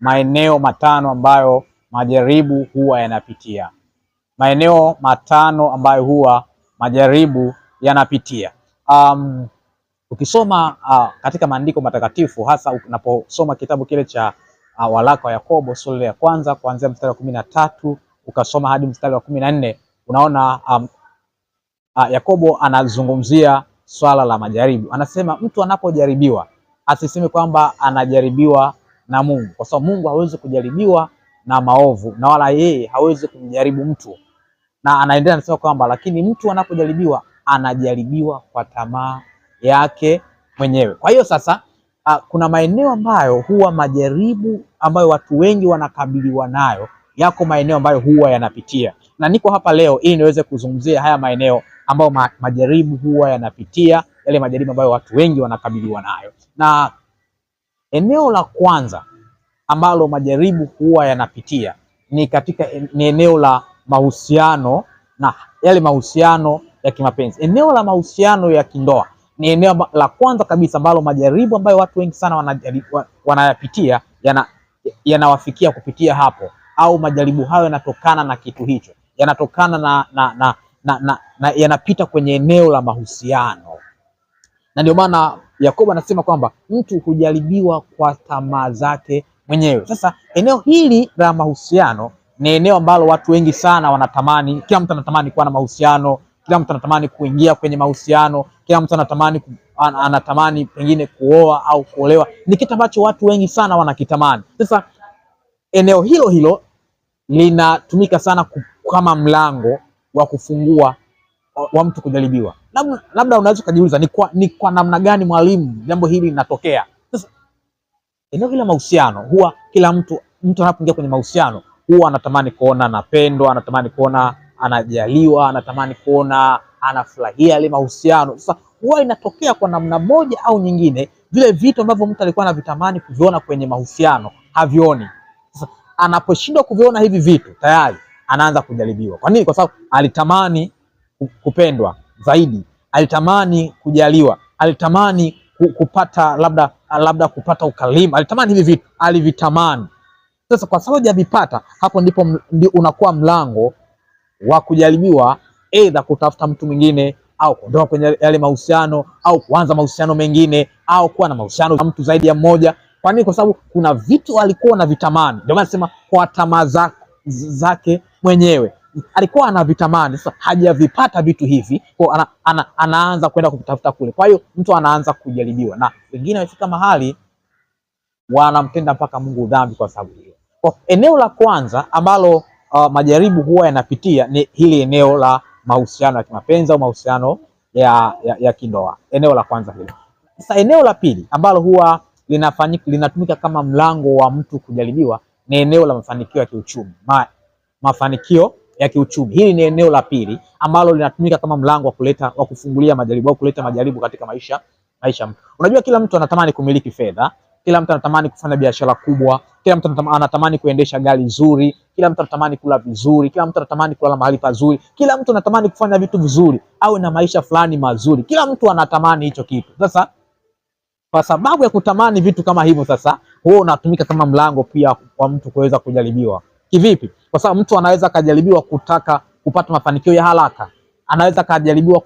maeneo matano ambayo majaribu huwa yanapitia, maeneo matano ambayo huwa majaribu yanapitia. Um, ukisoma uh, katika maandiko matakatifu hasa unaposoma kitabu kile cha uh, waraka wa Yakobo sura ya kwanza kuanzia mstari wa kumi na tatu ukasoma hadi mstari wa kumi na nne unaona um, uh, Yakobo anazungumzia swala la majaribu. Anasema mtu anapojaribiwa asiseme kwamba anajaribiwa na Mungu, kwa sababu Mungu hawezi kujaribiwa na maovu na wala yeye hawezi kumjaribu mtu. Na anaendelea anasema kwamba lakini mtu anapojaribiwa anajaribiwa kwa tamaa yake mwenyewe. Kwa hiyo sasa a, kuna maeneo ambayo huwa majaribu ambayo watu wengi wanakabiliwa nayo, yako maeneo ambayo huwa yanapitia, na niko hapa leo ili niweze kuzungumzia haya maeneo ambayo ma, majaribu huwa yanapitia, yale majaribu ambayo watu wengi wanakabiliwa nayo na Eneo la kwanza ambalo majaribu huwa yanapitia ni katika ni eneo la mahusiano na yale mahusiano ya kimapenzi. Eneo la mahusiano ya kindoa ni eneo la kwanza kabisa ambalo majaribu ambayo watu wengi sana wanayapitia yanawafikia yana kupitia hapo, au majaribu hayo yanatokana na kitu hicho, yanatokana na, na, na, na, na, na yanapita kwenye eneo la mahusiano, na ndio maana Yakobo anasema kwamba mtu hujaribiwa kwa tamaa zake mwenyewe. Sasa eneo hili la mahusiano ni eneo ambalo watu wengi sana wanatamani, kila mtu anatamani kuwa na mahusiano, kila mtu anatamani kuingia kwenye mahusiano, kila mtu anatamani anatamani pengine kuoa au kuolewa. Ni kitu ambacho watu wengi sana wanakitamani. Sasa eneo hilo hilo linatumika sana kama mlango wa kufungua wa mtu kujaribiwa. Labda unaweza ukajiuliza ni kwa, ni kwa namna gani mwalimu jambo hili linatokea? Sasa eneo hili la mahusiano, huwa kila mtu mtu anapoingia kwenye mahusiano huwa anatamani kuona anapendwa, anatamani kuona anajaliwa, anatamani kuona anafurahia ile mahusiano. Sasa huwa inatokea kwa namna moja au nyingine, vile vitu ambavyo mtu alikuwa anavitamani kuviona kwenye mahusiano havioni. Sasa anaposhindwa kuviona hivi vitu, tayari anaanza kujaribiwa. Kwa nini? Kwa sababu alitamani kupendwa zaidi, alitamani kujaliwa, alitamani kupata labda labda kupata ukalimu, alitamani hivi vitu, alivitamani. Sasa kwa sababu hajavipata, hapo ndipo ndi unakuwa mlango wa kujaribiwa, aidha kutafuta mtu mwingine au kuondoka kwenye yale mahusiano au kuanza mahusiano mengine au kuwa na mahusiano na mtu zaidi ya mmoja. Kwa nini? Kwa sababu kuna vitu alikuwa na vitamani. Ndio maana sema kwa tamaa zake mwenyewe alikuwa anavitamani, sasa hajavipata vitu hivi kwa ana, ana, anaanza kwenda kutafuta kule. Kwa hiyo mtu anaanza kujaribiwa, na wengine wamefika mahali wanamtenda mpaka Mungu dhambi kwa sababu hiyo. Kwa eneo la kwanza ambalo uh, majaribu huwa yanapitia ni hili eneo la mahusiano ya kimapenzi au mahusiano ya, ya, ya kindoa, eneo la kwanza hilo. Sasa eneo la pili ambalo huwa linafanyika linatumika kama mlango wa mtu kujaribiwa ni eneo la mafanikio ya kiuchumi ma, mafanikio ya kiuchumi. Hili ni eneo la pili ambalo linatumika kama mlango wa kuleta wa kufungulia majaribu au kuleta majaribu katika maisha maisha. Unajua, kila mtu anatamani kumiliki fedha, kila mtu anatamani kufanya biashara kubwa, kila mtu anatamani kuendesha gari nzuri, kila mtu anatamani kula vizuri, kila mtu anatamani kulala mahali pazuri, kila mtu anatamani kufanya vitu vizuri, awe na maisha fulani mazuri, kila mtu anatamani hicho kitu. Sasa kwa sababu ya kutamani vitu kama hivyo, sasa huo unatumika kama mlango pia kwa mtu kuweza kujaribiwa. Kivipi? Kwa sababu mtu anaweza akajaribiwa kutaka kupata mafanikio ya haraka, anaweza akajaribiwa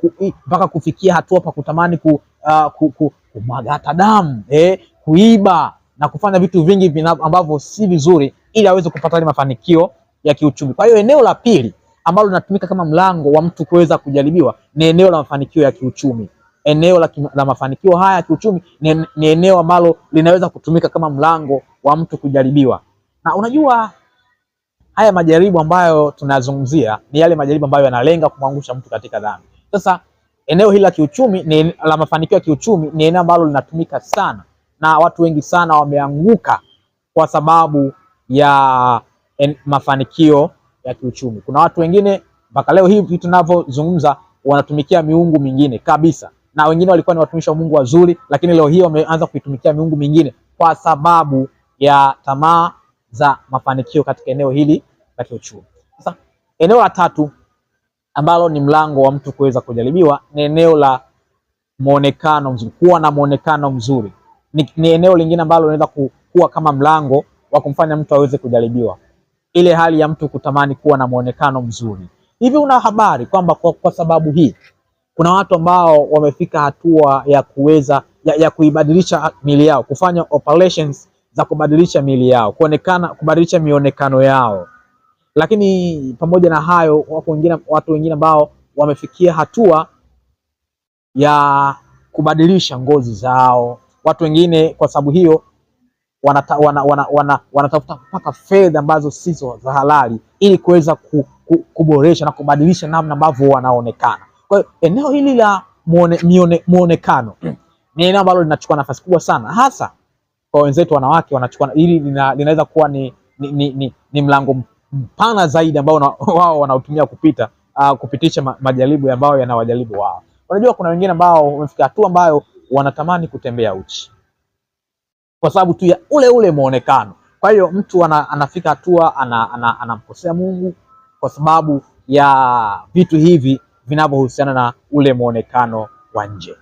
mpaka ku, kufikia hatua pa kutamani ku, uh, ku, ku, kumwaga hata damu eh, kuiba na kufanya vitu vingi vina, ambavyo si vizuri, ili aweze kupata ile mafanikio ya kiuchumi. Kwa hiyo eneo la pili ambalo linatumika kama mlango wa mtu kuweza kujaribiwa ni eneo la mafanikio ya kiuchumi. Eneo la, la mafanikio haya ya kiuchumi ni, ni eneo ambalo linaweza kutumika kama mlango wa mtu kujaribiwa, na unajua haya majaribu ambayo tunazungumzia ni yale majaribu ambayo yanalenga kumwangusha mtu katika dhambi. Sasa eneo hili la kiuchumi ni la mafanikio ya kiuchumi, ni eneo ambalo linatumika sana na watu wengi sana wameanguka kwa sababu ya en, mafanikio ya kiuchumi. Kuna watu wengine mpaka leo hivi tunavyozungumza wanatumikia miungu mingine kabisa, na wengine walikuwa ni watumishi wa Mungu wazuri, lakini leo hii wameanza kuitumikia miungu mingine kwa sababu ya tamaa za mafanikio katika eneo hili la kiuchumi. Sasa eneo la tatu ambalo ni mlango wa mtu kuweza kujaribiwa ni eneo la muonekano mzuri, kuwa na muonekano mzuri ni, ni eneo lingine ambalo linaweza kuwa kama mlango wa kumfanya mtu aweze kujaribiwa, ile hali ya mtu kutamani kuwa na muonekano mzuri. Hivi una habari kwamba kwa, kwa sababu hii kuna watu ambao wamefika hatua ya kuweza ya, ya kuibadilisha mili yao kufanya operations za kubadilisha miili yao, kuonekana, kubadilisha mionekano yao. Lakini pamoja na hayo, wako wengine, watu wengine ambao wamefikia hatua ya kubadilisha ngozi zao. Watu wengine kwa sababu hiyo wanatafuta wana, wana, wana, wana mpaka fedha ambazo sizo za halali ili kuweza ku, ku, kuboresha na kubadilisha namna ambavyo wanaonekana. Kwa hiyo eneo hili la muone, mione, muonekano ni eneo ambalo linachukua nafasi kubwa sana hasa kwa wenzetu wanawake wanachukua hili linaweza kuwa ni, ni, ni, ni, ni mlango mpana zaidi ambao wao wanaotumia kupita uh, kupitisha ma, majaribu ambayo yanawajaribu wao. Unajua kuna wengine ambao wamefika hatua ambayo wanatamani kutembea uchi kwa sababu tu ya ule ule muonekano. Kwa hiyo mtu ana, anafika hatua anamkosea ana, ana Mungu kwa sababu ya vitu hivi vinavyohusiana na ule muonekano wa nje.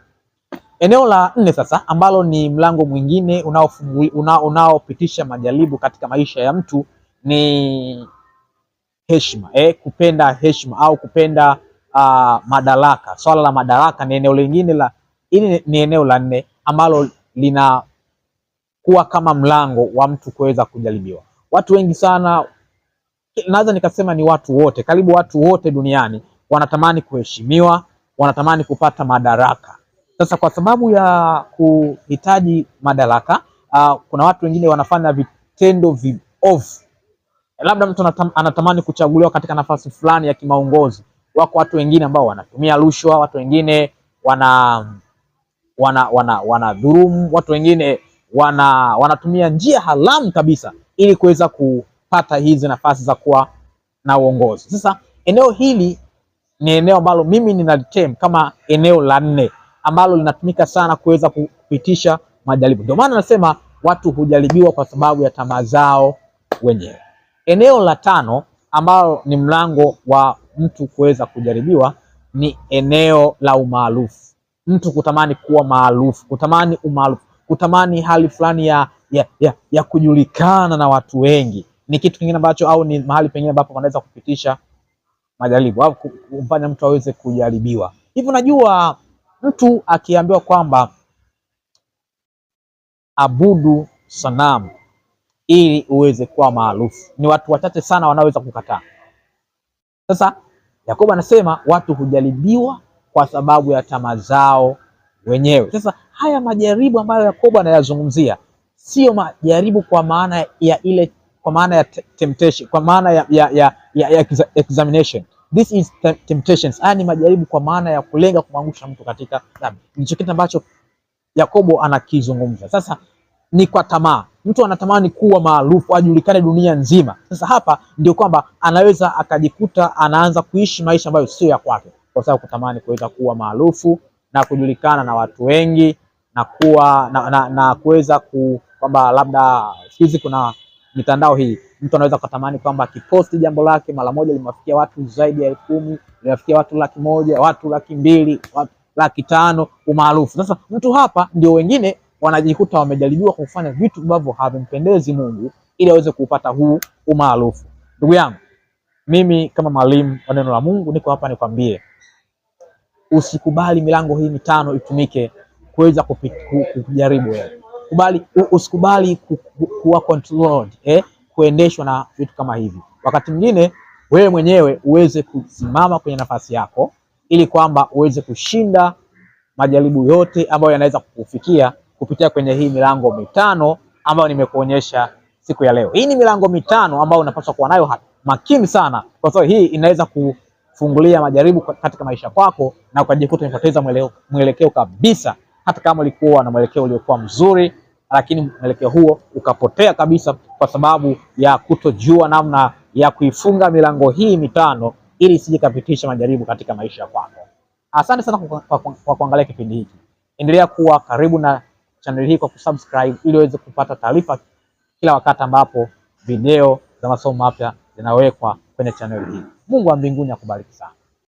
Eneo la nne sasa ambalo ni mlango mwingine unaopitisha una, majaribu katika maisha ya mtu ni heshima eh, kupenda heshima au kupenda uh, madaraka. Swala la madaraka ni eneo lingine la ili, ni eneo la nne ambalo linakuwa kama mlango wa mtu kuweza kujaribiwa. Watu wengi sana, naweza nikasema ni watu wote, karibu watu wote duniani wanatamani kuheshimiwa, wanatamani kupata madaraka sasa kwa sababu ya kuhitaji madaraka uh, kuna watu wengine wanafanya vitendo viovu. Labda mtu anatam, anatamani kuchaguliwa katika nafasi fulani ya kimaongozi. Wako watu wengine ambao wanatumia rushwa, watu wengine wana wana wana wanadhurumu, watu wengine wana wanatumia njia haramu kabisa ili kuweza kupata hizi nafasi za kuwa na uongozi. Sasa eneo hili ni eneo ambalo mimi ninalitem kama eneo la nne ambalo linatumika sana kuweza kupitisha majaribu. Ndio maana nasema watu hujaribiwa kwa sababu ya tamaa zao wenyewe. Eneo la tano ambalo ni mlango wa mtu kuweza kujaribiwa ni eneo la umaarufu. Mtu kutamani kuwa maarufu, kutamani umaarufu, kutamani hali fulani ya, ya, ya, ya kujulikana na watu wengi ni kitu kingine ambacho au ni mahali pengine ambapo wanaweza kupitisha majaribu au kumfanya mtu aweze kujaribiwa. Hivi najua Mtu akiambiwa kwamba abudu sanamu ili uweze kuwa maarufu, ni watu wachache sana wanaoweza kukataa. Sasa Yakobo anasema watu hujaribiwa kwa sababu ya tamaa zao wenyewe. Sasa haya majaribu ambayo Yakobo anayazungumzia sio majaribu kwa maana ya ile, kwa maana ya temptation, kwa maana ya, ya, ya, ya, ya examination This is temptations. Haya ni majaribu kwa maana ya kulenga kumwangusha mtu katika dhambi. Ndicho kitu ambacho Yakobo anakizungumza. Sasa ni kwa tamaa. Mtu anatamani kuwa maarufu, ajulikane dunia nzima. Sasa hapa ndio kwamba anaweza akajikuta anaanza kuishi maisha ambayo sio ya kwake, kwa sababu kutamani kuweza kuwa maarufu na kujulikana na watu wengi na kuwa na, na, na kuweza ku kwamba labda siku hizi kuna mitandao hii. Mtu anaweza kutamani kwamba akiposti jambo lake mara moja limewafikia watu zaidi ya elfu kumi, limewafikia watu laki moja, watu laki mbili, watu laki tano, umaarufu. Sasa mtu hapa ndio wengine wanajikuta wamejaribiwa kufanya vitu ambavyo havimpendezi Mungu ili aweze kuupata huu umaarufu. Ndugu yangu, mimi kama mwalimu wa neno la Mungu niko hapa nikwambie, usikubali milango hii mitano itumike kuweza kujaribu wewe. Kubali, usikubali kuwa controlled, eh, kuendeshwa na vitu kama hivi. Wakati mwingine wewe mwenyewe uweze kusimama kwenye nafasi yako ili kwamba uweze kushinda majaribu yote ambayo yanaweza kukufikia kupitia kwenye hii milango mitano ambayo nimekuonyesha siku ya leo. Hii ni milango mitano ambayo unapaswa kuwa nayo makini sana, kwa sababu hii inaweza kufungulia majaribu katika maisha kwako na ukajikuta umepoteza mwelekeo kabisa hata kama ulikuwa na mwelekeo uliokuwa mzuri, lakini mwelekeo huo ukapotea kabisa kwa sababu ya kutojua namna ya kuifunga milango hii mitano ili isije kapitisha majaribu katika maisha yako. Asante sana kwa, kwa, kwa, kwa kuangalia kipindi hiki. Endelea kuwa karibu na channel hii kwa kusubscribe ili uweze kupata taarifa kila wakati ambapo video za masomo mapya zinawekwa kwenye channel hii. Mungu wa mbinguni akubariki sana.